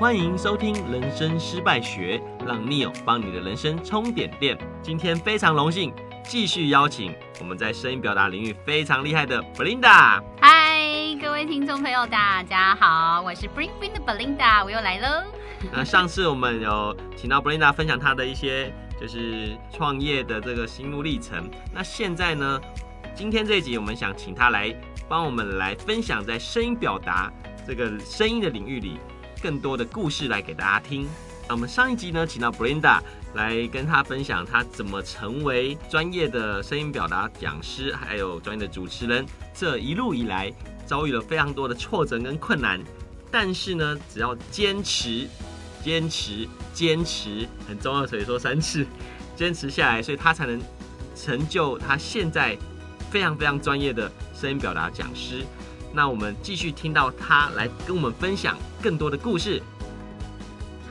歡迎收聽《人生失敗學》，讓 Neo 幫你的人生充點電。今天非常榮幸，繼續邀請我們在聲音表達領域非常厲害的 Belinda。嗨，各位聽眾朋友，大家好，我是 Bring Bring 的 Belinda，我又來嘍。 那上次我們有請到 Belinda 分享她的一些就是創業的這個心路歷程。那現在呢，今天這一集我們想請她來幫我們來分享在聲音表達這個聲音的領域裡。更多的故事來給大家聽。那我們上一集呢，請到 Belinda 來跟她分享她怎麼成為專業的聲音表達講師，還有專業的主持人。這一路以來，遭遇了非常多的挫折跟困難，但是呢，只要堅持、堅持、堅持，很重要，所以說三次堅持下來，所以她才能成就她現在非常非常專業的聲音表達講師。那我們繼續聽到他來跟我們分享更多的故事。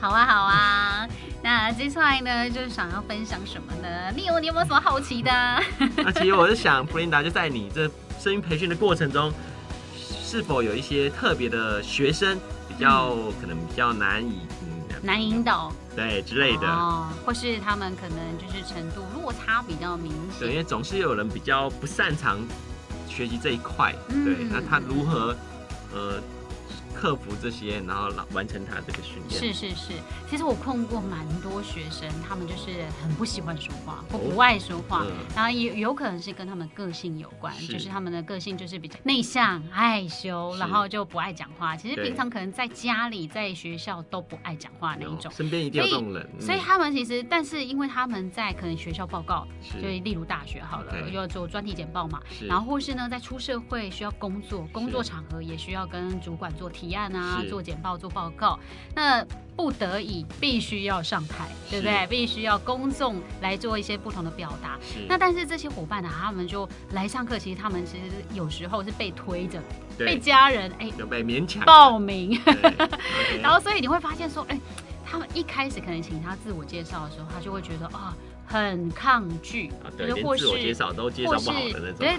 好啊，好啊。那接下來呢，就是想要分享什麼呢？你有你有沒有什麼好奇的？那其實我是想，布琳達就在你這聲音培訓的過程中，是否有一些特別的學生，比較、嗯、可能比較難以、嗯、難引導，對之類的、哦，或是他們可能就是程度落差比較明顯。因為總是有人比較不擅長。學習這一塊，嗯、對，那他如何，呃、克服這些，然後完完成他的這個訓練。是是是，其實我碰過蠻多學生，他們就是很不喜歡說話，不,不愛說話，oh, uh, 然後有有可能是跟他們個性有關，是就是他們的個性就是比較內向、害羞，然後就不愛講話。是其實平常可能在家裡、在學校都不愛講話那一種。身邊一定要有人所。所以他們其實，但是因為他們在可能學校報告，是就例如大學好了，okay, 就要做專題簡報嘛，是然後或是呢在出社會需要工作，工作場合也需要跟主管做。提案啊，是做簡報、做報告，那不得已必須要上台，是對不對？必須要公眾來做一些不同的表達。是那但是這些夥伴呢、啊，他們就來上課，其實他們其實有時候是被推着，對被家人哎，欸、被勉強報名。Okay、 然後所以你會發現說，哎、欸，他們一開始可能請他自我介紹的時候，他就會覺得啊。很抗拒，啊、是或是或是，對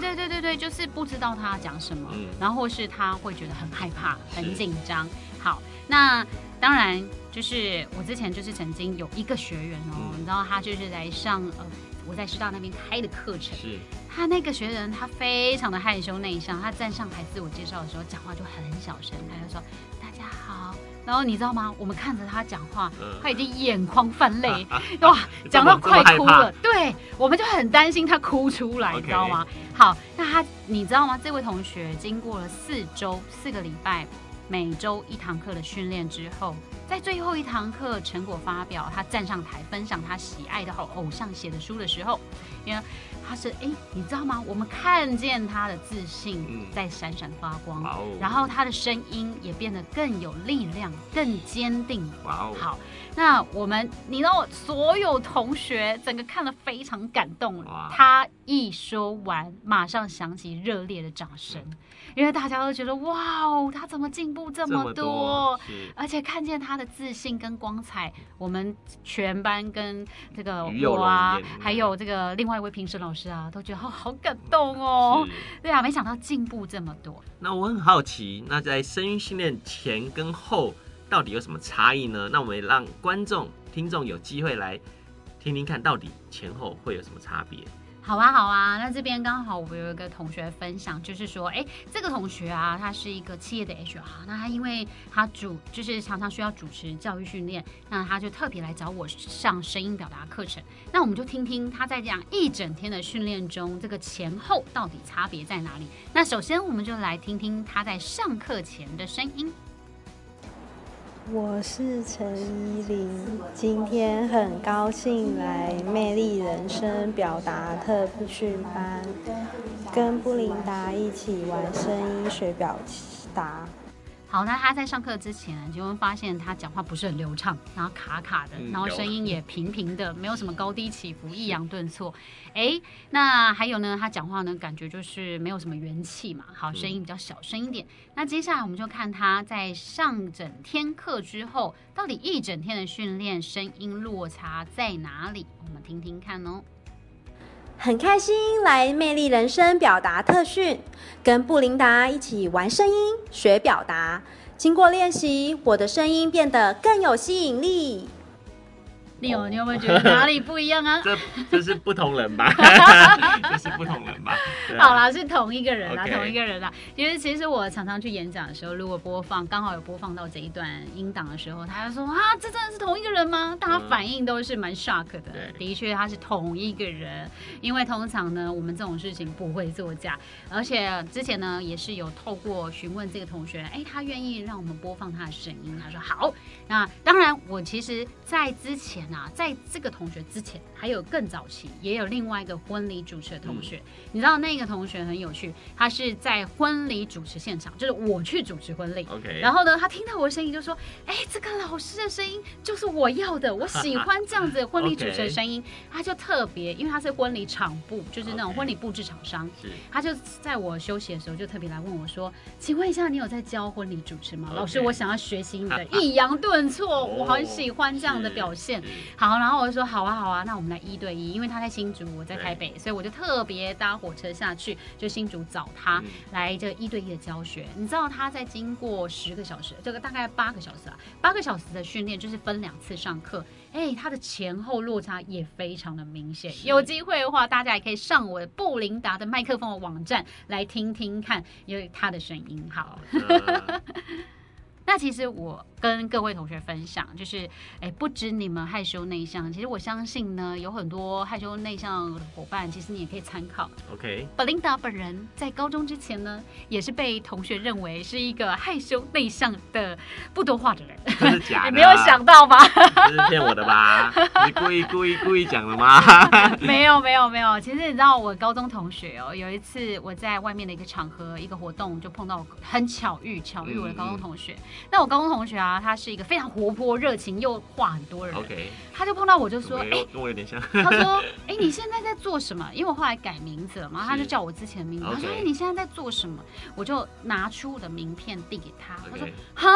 對對對對，就是不知道他要講什麼，嗯、然後或是他會覺得很害怕、是很緊張。好，那當然就是我之前就是曾經有一個學員哦，嗯、你知道他就是來上呃我在師大那邊開的課程，是，他那個學員他非常的害羞內向，他站上台自我介紹的時候講話就很小聲，他就說大家好。然後你知道嗎？我們看着他講話，呃、他已經眼眶泛淚，哇、啊，講到快哭了。對，我們就很擔心他哭出來，Okay. 你知道嗎？好，那他你知道嗎？這位同學經過了四周四個禮拜，每周一堂課的訓練之後。在最後一堂課成果發表，他站上台分享他喜愛的好偶像寫的書的時候，因為他是哎、欸，你知道嗎？我們看見他的自信在閃閃發光，然後他的聲音也變得更有力量、更堅定。哇哦！好，那我們你知道所有同學整個看了非常感動。他一說完，馬上響起熱烈的掌聲，因為大家都覺得哇哦，他怎麼進步這麼多？這麼多，而且看見他的。自信跟光彩，我們全班跟這個我啊，裡面裡面還有這個另外一位評審老師啊，都覺得好，好感動哦、喔。是對啊，沒想到進步這麼多。那我很好奇，那在聲音訓練前跟後到底有什麼差異呢？那我們也讓觀眾、聽眾有機會來聽聽看，到底前後會有什麼差別？好啊，好啊。那這邊剛好我有一個同學分享，就是說，哎、欸，這個同學啊，他是一個企業的 HR，那他因為他主就是常常需要主持教育訓練，那他就特別來找我上聲音表達課程。那我們就聽聽他在講一整天的訓練中，這個前後到底差別在哪裡？那首先我們就來聽聽他在上課前的聲音。我是陳依琳，今天很高興來魅力人生表達特訓班，跟布琳達一起玩聲音學表達。好，那他在上課之前，就會發現他講話不是很流暢，然後卡卡的，然後聲音也平平的，沒有什麼高低起伏、抑揚頓挫。哎、欸，那還有呢，他講話呢，感覺就是沒有什麼元氣嘛。好，聲音比較小聲一點。那接下來我們就看他在上整天課之後，到底一整天的訓練聲音落差在哪裡？我們聽聽看哦。很開心來魅力人生表達特訓，跟布琳達一起玩聲音學表達。經過練習，我的聲音變得更有吸引力。你有你有沒有覺得哪裡不一樣啊？這這是不同人吧，這是不同人吧。 人嗎，好啦，是同一個人啦，Okay. 同一個人啦。因為其實我常常去演講的時候，如果播放剛好有播放到這一段音檔的時候，他就說啊，這真的是同一個人嗎？大家反應都是蠻 shock 的。嗯，的確，他是同一個人，對因為通常呢，我們這種事情不會作假，而且之前呢也是有透過詢問這個同學，哎，他願意讓我們播放他的聲音，他說好。那當然，我其實在之前呢。那在這個同學之前，還有更早期，也有另外一個婚禮主持的同學。嗯、你知道那個同學很有趣，他是在婚禮主持現場，就是我去主持婚禮。OK，然後呢，他聽到我的聲音就說：“哎、欸，這個老師的聲音就是我要的，我喜歡這樣子的婚禮主持的聲音。” Okay. 他就特別，因為他是婚禮場佈，就是那種婚禮布置廠商。Okay. 是，他就在我休息的時候，就特別來問我說：“請問一下，你有在教婚禮主持嗎？Okay. 老師，我想要學習你的抑揚頓挫， 我很喜歡這樣的表現。 ”好，然後我就說好啊，好啊，那我們來一對一，因為他在新竹，我在台北，欸、所以我就特別搭火車下去，就新竹找他來這個一對一的教學。嗯、你知道他在經過十個小時，這個大概八個小時啊，八個小時的訓練，就是分兩次上課。哎、欸，他的前後落差也非常的明顯。是有機會的話，大家也可以上我的布琳達的麥克風的網站來聽聽看，因為他的聲音。好。嗯 那其實我跟各位同學分享，就是、欸、不止你們害羞內向，其實我相信呢，有很多害羞內向的伙伴，其實你也可以參考。OK，Belinda Okay. 本人在高中之前呢，也是被同學認為是一個害羞內向的、不多話的人。這是假的， 你沒有想到吧？騙我的吧？ 你故意故意故意講的嗎 沒？沒有沒有沒有，其實你知道我高中同學哦、喔，有一次我在外面的一個場合、一個活動，就碰到很巧遇，巧遇我的高中同學。嗯嗯那我高中同學啊，他是一個非常活潑、熱情又話很多人。OK，他就碰到我，就說：“哎 Okay,、欸，跟我有點像。”他說：“哎、 欸，你現在在做什麼？”因為我後來改名字了嘛，他就叫我之前的名字。他是說：“哎 Okay.、欸，你現在在做什麼？”我就拿出我的名片遞給他。Okay. 他說：“哈。”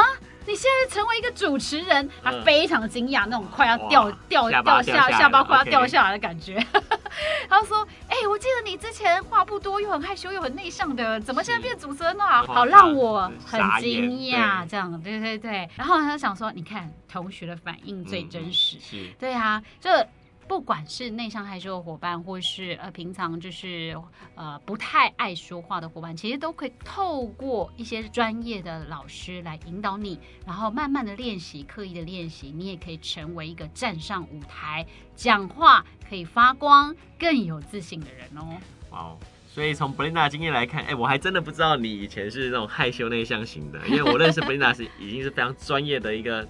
你現在成為一個主持人，他非常驚訝，那種快要掉掉、呃、掉下下巴快要掉下來，OK 掉下來的感覺。 他說：“哎、欸，我記得你之前話不多，又很害羞，又很內向的，怎麼現在變主持人了？是好讓我很驚訝，這樣對，對對對。”然後他就想說：“你看，同學的反應最真實，嗯、是對呀、啊，這。”不管是內向害羞的夥伴，或是呃平常就是呃不太愛說話的夥伴，其實都可以透過一些專業的老師來引導你，然後慢慢的練習，刻意的練習，你也可以成為一個站上舞台講話可以發光更有自信的人哦、喔。哦！Oh, 所以從布琳達經驗來看，哎、欸，我還真的不知道你以前是那種害羞內向型的，因為我認識布琳達是 已經是非常專業的一個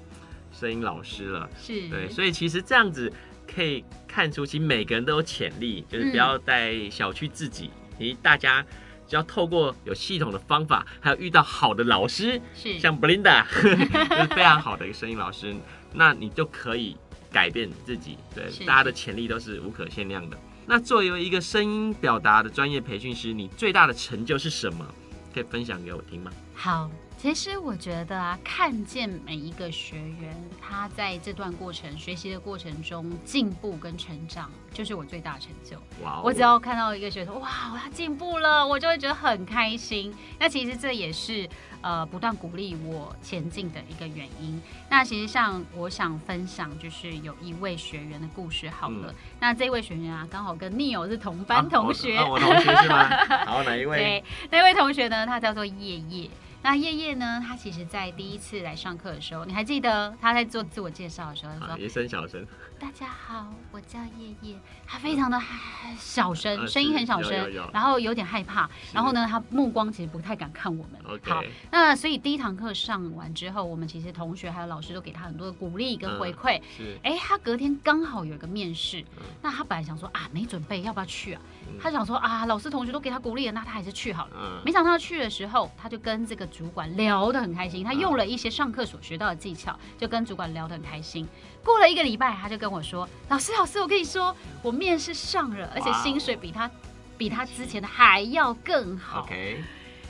聲音老師了。是。對，所以其實這樣子。可以看出，其實每個人都有潛力，就是不要再小覷自己。你、嗯、大家只要透過有系統的方法，還有遇到好的老師，是像 Belinda，就是非常好的一個聲音老師， 那你就可以改變自己。對，是大家的潛力都是無可限量的。那作為一個聲音表達的專業培訓師，你最大的成就是什麼？可以分享給我聽嗎？好。其實我覺得啊，看見每一個學員他在這段過程學習的過程中進步跟成長，就是我最大的成就。哇！Wow. 我只要看到一個學生，哇，他進步了，我就會覺得很開心。那其實這也是呃不斷鼓勵我前進的一個原因。那其實像我想分享，就是有一位學員的故事。好了，嗯、那這位學員啊，剛好跟 Neo 是同班同學。同、啊我，啊、我同學是吧 好，哪一位？對，那位同學呢？他叫做葉葉。那葉葉呢？他其實，在第一次來上課的時候，你還記得他在做自我介紹的時候，說，別、啊、生小聲。大家好，我叫葉葉。他非常的小聲，啊、聲音很小聲，然後有點害怕。是然後呢，他目光其實不太敢看我們。Okay. 好，那所以第一堂課上完之後，我們其實同學還有老師都給他很多的鼓勵跟回饋。嗯、是，哎、欸，他隔天剛好有一個面試。那他、嗯、本來想說啊，沒準備，要不要去啊？他、嗯、想說啊，老師同學都給他鼓勵了，那他還是去好了。嗯。沒想到他去的時候，他就跟這個。主管聊得很開心，他用了一些上課所學到的技巧，就跟主管聊得很開心。過了一個禮拜，他就跟我說：“老師，老師，我跟你說，我面試上了，而且薪水比他，比他之前的還要更好。” Okay.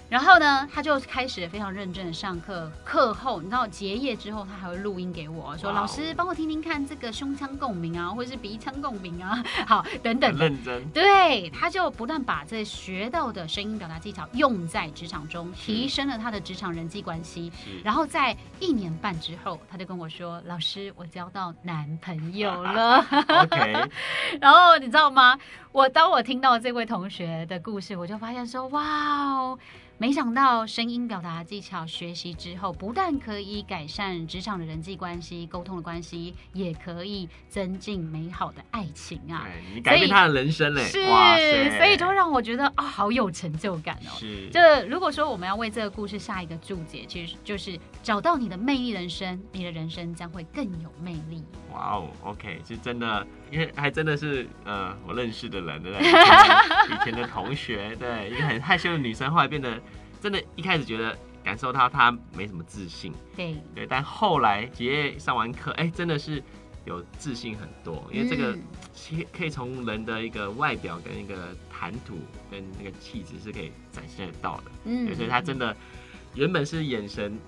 然後呢，他就開始非常認真的上課，課後你知道結業之後，他還會錄音給我說：“ Wow. 老師，幫我聽聽看這個胸腔共鳴啊，或者是鼻腔共鳴啊，好，等等。”很認真，對，他就不斷把這學到的聲音表達技巧用在職場中，是提升了他的職場人際關係。是然後在一年半之後，他就跟我說：“老師，我交到男朋友了。” Okay. 然後你知道嗎？我當我聽到這位同學的故事，我就發現說：“哇哦！”沒想到聲音表達技巧學習之後，不但可以改善職場的人際關係、溝通的關係，也可以增進美好的愛情啊！對，你改變以他的人生嘞、欸！是，哇塞所以就讓我覺得啊、哦，好有成就感哦！是，這如果說我們要為這個故事下一個注解，其、就、實、是、就是找到你的魅力人聲，你的人生將會更有魅力。哇哦、wow,，OK，是真的。因為還真的是，呃，我認識的人對，對，以前的同學對，一個很害羞的女生，後來變得真的，一開始覺得感受到她沒什麼自信，對對，但後來直接上完課，哎、欸，真的是有自信很多，因為這個，可以從人的一個外表跟一個談吐跟那個氣質是可以展現得到的，嗯，所以她真的原本是眼神。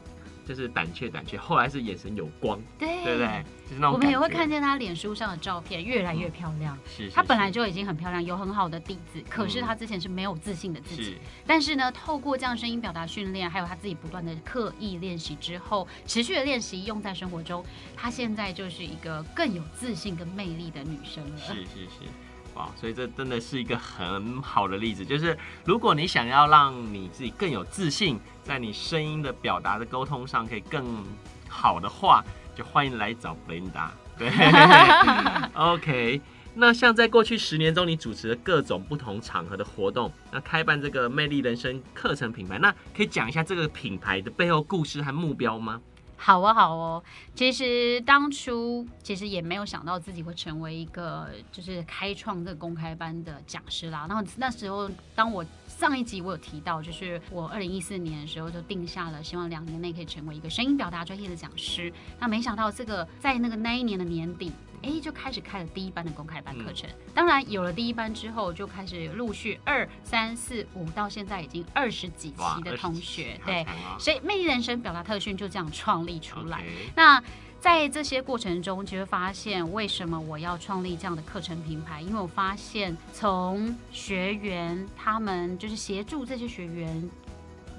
就是膽怯，膽怯。後來是眼神有光，對，對不對？就是、我們也會看見她臉書上的照片越來越漂亮。嗯、是，是，是，她本來就已經很漂亮，有很好的底子。可是她之前是沒有自信的自己。嗯、是。但是呢，透過這樣聲音表達訓練，還有她自己不斷的刻意練習之後，持續的練習用在生活中，她現在就是一個更有自信跟魅力的女生了。是是是，哇！所以這真的是一個很好的例子，就是如果你想要讓你自己更有自信在你聲音的表達的溝通上，可以更好的話，就歡迎來找布琳達。對 ，OK。那像在過去十年中，你主持的各種不同場合的活動，那開辦這個魅力人聲課程品牌，那可以講一下這個品牌的背後故事和目標嗎？好哦，好哦。其實當初其實也沒有想到自己會成為一個就是開創這個公開班的講師啦。那那時候，當我上一集我有提到，就是我二零一四年的時候就定下了，希望兩年內可以成為一個聲音表達專業的講師。那沒想到這個在那個那一年的年底。誒就開始開了第一班的公開班課程。嗯、當然，有了第一班之後，就開始陸續二、三、四、五，到現在已經二十幾期的同學，對，哦、所以魅力人生表達特訓就這樣創立出來。Okay 那在這些過程中，其實發現為什麼我要創立這樣的課程平台？因為我發現從學員他們就是協助這些學員。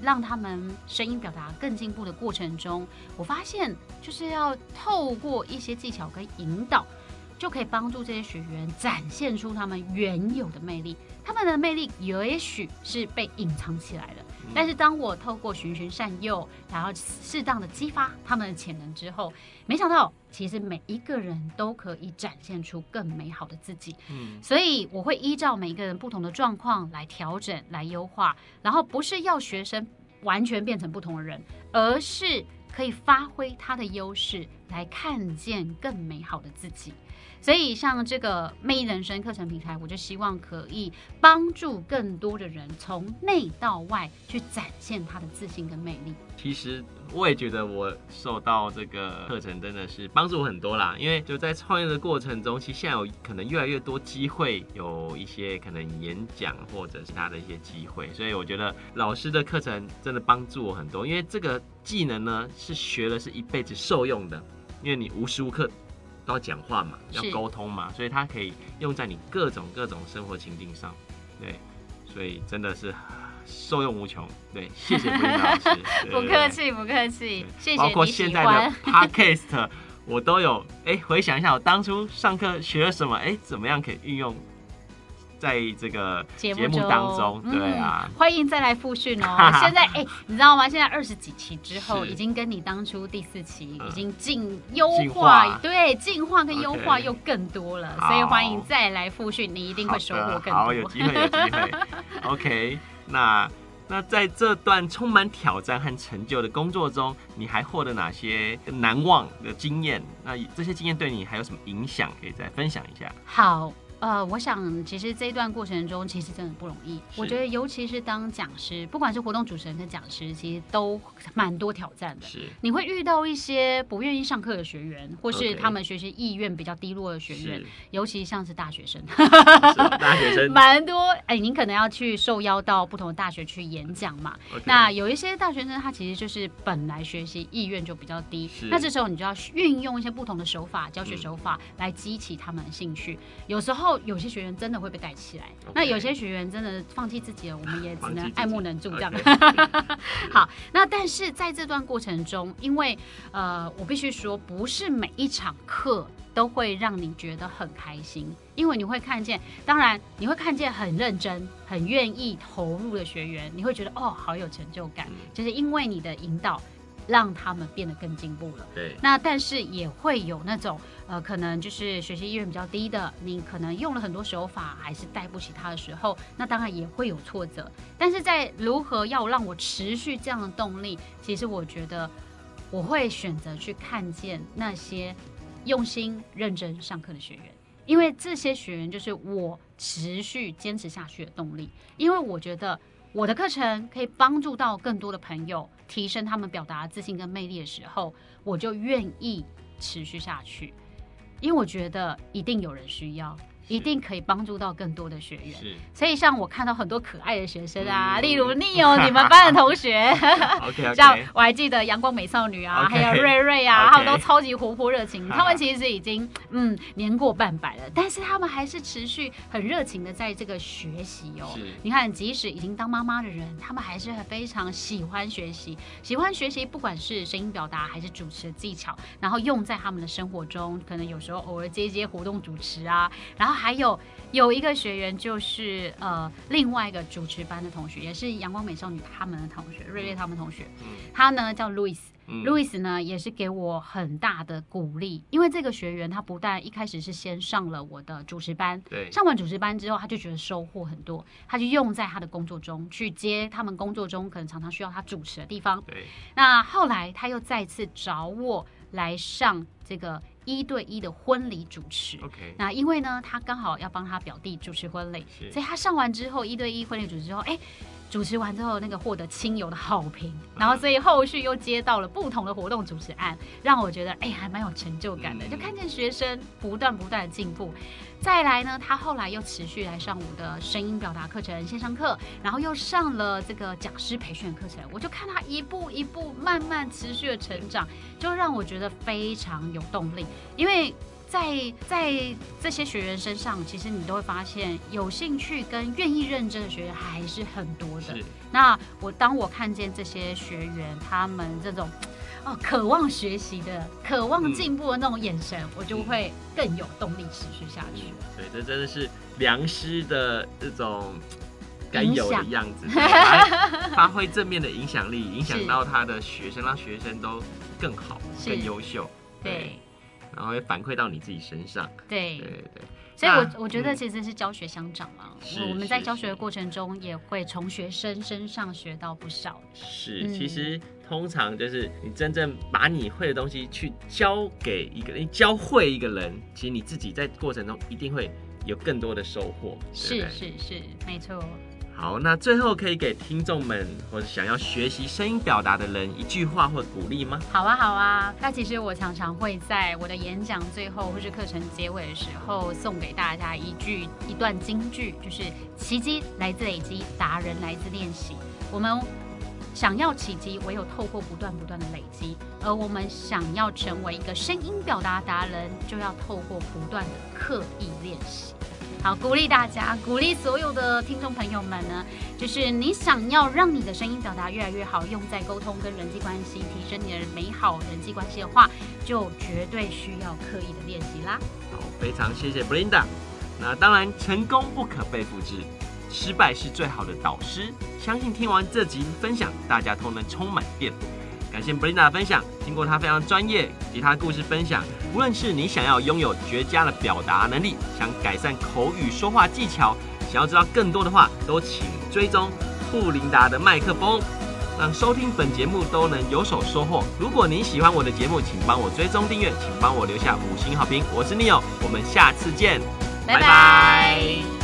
讓他們聲音表達更進步的過程中，我發現就是要透過一些技巧跟引導，就可以幫助這些學員展現出他們原有的魅力。他們的魅力也許是被隱藏起來了。但是當我透過循循善誘，然後適當的激發他們的潛能之後，沒想到其實每一個人都可以展現出更美好的自己。嗯，所以我會依照每一個人不同的狀況來調整、來優化，然後不是要學生完全變成不同的人，而是可以發揮他的優勢。才看見更美好的自己，所以像這個魅力人生課程平台，我就希望可以幫助更多的人從內到外去展現他的自信跟魅力。其實我也覺得我受到這個課程真的是幫助我很多啦，因為就在創業的過程中，其實現在有可能越來越多機會有一些可能演講或者是他的一些機會，所以我覺得老師的課程真的幫助我很多，因為這個技能呢是學了是一輩子受用的。因為你無時無刻都要講話嘛，要溝通嘛，是所以它可以用在你各種各種生活情境上，對，所以真的是受用無窮。對，謝謝彭老師， 不客氣氣不客氣，不客氣對謝謝。包括現在的 Podcast，我都有，欸，回想一下我當初上課學了什麼，欸，怎麼樣可以運用。在這個節目當中，中對啊、嗯，歡迎再來複訓哦、喔！ 現在哎、欸，你知道嗎？現在二十幾期之後，是已經跟你當初第四期、嗯、已經進優化，進化對，進化跟優化又更多了，好所以歡迎再來複訓，你一定會收穫更多。好，的好有機會有機會。會 OK，那那在這段充滿挑戰和成就的工作中，你還獲得哪些難忘的經驗？那這些經驗對你還有什麼影響？可以再分享一下。好。呃，我想其實這一段過程中，其實真的不容易。是我覺得，尤其是當講師，不管是活動主持人跟講師，其實都蠻多挑戰的。是，你會遇到一些不願意上課的學員，或是他們學習意願比較低落的學員，Okay. 尤其像是大學生， 是啊、大學生蠻多。哎、欸，您可能要去受邀到不同的大學去演講嘛。Okay. 那有一些大學生，他其實就是本來學習意願就比較低。是那這時候你就要運用一些不同的手法、教學手法來激起他們的興趣。嗯、有時候。有些學員真的會被帶起來，Okay. 那有些學員真的放棄自己了，我們也只能愛莫能助這樣。Okay. Okay. 好，那但是在這段過程中，因為呃，我必須說，不是每一場課都會讓你覺得很開心，因為你會看見，當然你會看見很認真、很願意投入的學員，你會覺得哦，好有成就感，就是因為你的引導。讓他們變得更進步了。對，那但是也會有那種呃，可能就是學習意願比較低的，你可能用了很多手法還是帶不起他的時候，那當然也會有挫折。但是在如何要讓我持續這樣的動力，其實我覺得我會選擇去看見那些用心認真上課的學員，因為這些學員就是我持續堅持下去的動力。因為我覺得我的課程可以幫助到更多的朋友，提升他們表達自信跟魅力的時候，我就願意持續下去，因為我覺得一定有人需要。一定可以幫助到更多的學員，是所以像我看到很多可愛的學生啊，嗯、例如 Neo、喔、 你們班的同學， okay, okay. 像我還記得陽光美少女啊，okay, 還有瑞瑞啊，Okay. 他們都超級活潑熱情。Okay. 他們其實已經嗯年過半百了，啊、但是他們還是持續很熱情的在這個學習哦、喔。是你看，即使已經當媽媽的人，他們還是非常喜歡學習，喜歡學習，不管是聲音表達還是主持技巧，然後用在他們的生活中，可能有時候偶爾接一接活動主持啊，然後。還有有一個學員，就是呃，另外一個主持班的同學，也是陽光美少女他們的同學，瑞瑞他們同學，嗯、他呢叫 Louis，Louis、嗯、呢也是給我很大的鼓勵，因為這個學員他不但一開始是先上了我的主持班，對，上完主持班之後，他就覺得收穫很多，他就用在他的工作中，去接他們工作中可能常常需要他主持的地方，對。那後來他又再次找我來上這個。一對一的婚禮主持，Okay. 那因為呢，他剛好要幫他表弟主持婚禮，是所以他上完之後，一對一婚禮主持之後，是欸主持完之後，那個獲得親友的好評，然後所以後續又接到了不同的活動主持案，讓我覺得哎、欸，還蠻有成就感的。就看見學生不斷不斷的進步，再來呢，他後來又持續來上我的聲音表達課程線上課，然後又上了這個講師培訓課程，我就看他一步一步慢慢持續的成長，就讓我覺得非常有動力，因為。在在這些學員身上，其實你都會發現，有興趣跟願意認真的學員還是很多的。是那我當我看見這些學員，他們這種哦渴望學習的、渴望進步的那種眼神，嗯、我就會更有動力持續下去。嗯、對，這真的是良師的這種該有的樣子，影響 發揮正面的影響力，影響到他的學生，是讓學生都更好、是更優秀。對。對然後會反饋到你自己身上，對對對，所以我、啊、我覺得其實是教學相長嘛，是，我們在教學的過程中也會從學生身上學到不少。是，嗯、其實通常就是你真正把你會的東西去教給一個，你教會一個人，其實你自己在過程中一定會有更多的收穫。對對是是是，沒錯。好，那最後可以給聽眾們或者想要學習聲音表達的人一句話或鼓勵嗎？好啊，好啊。那其實我常常會在我的演講最後或是課程結尾的時候送給大家一句一段金句，就是“奇蹟來自累積，達人來自練習”。我們想要奇蹟，唯有透過不斷不斷的累積；而我們想要成為一個聲音表達達人，就要透過不斷的刻意練習。好，鼓勵大家，鼓勵所有的聽眾朋友們呢，就是你想要讓你的聲音表達越來越好，用在溝通跟人際關係，提升你的美好人際關係的話，就絕對需要刻意的練習啦。好，非常謝謝 Belinda。那當然，成功不可被複製，失敗是最好的導師。相信聽完這集分享，大家都能充滿電。感謝布琳達的分享，經過她非常專業以及她的故事分享，無論是你想要擁有絕佳的表達能力，想改善口語說話技巧，想要知道更多的話，都請追蹤布琳達的麥克風，讓收聽本節目都能有所收穫。如果您喜歡我的節目，請幫我追蹤訂閱，請幫我留下五星好評。我是 Neo，我們下次見，拜拜。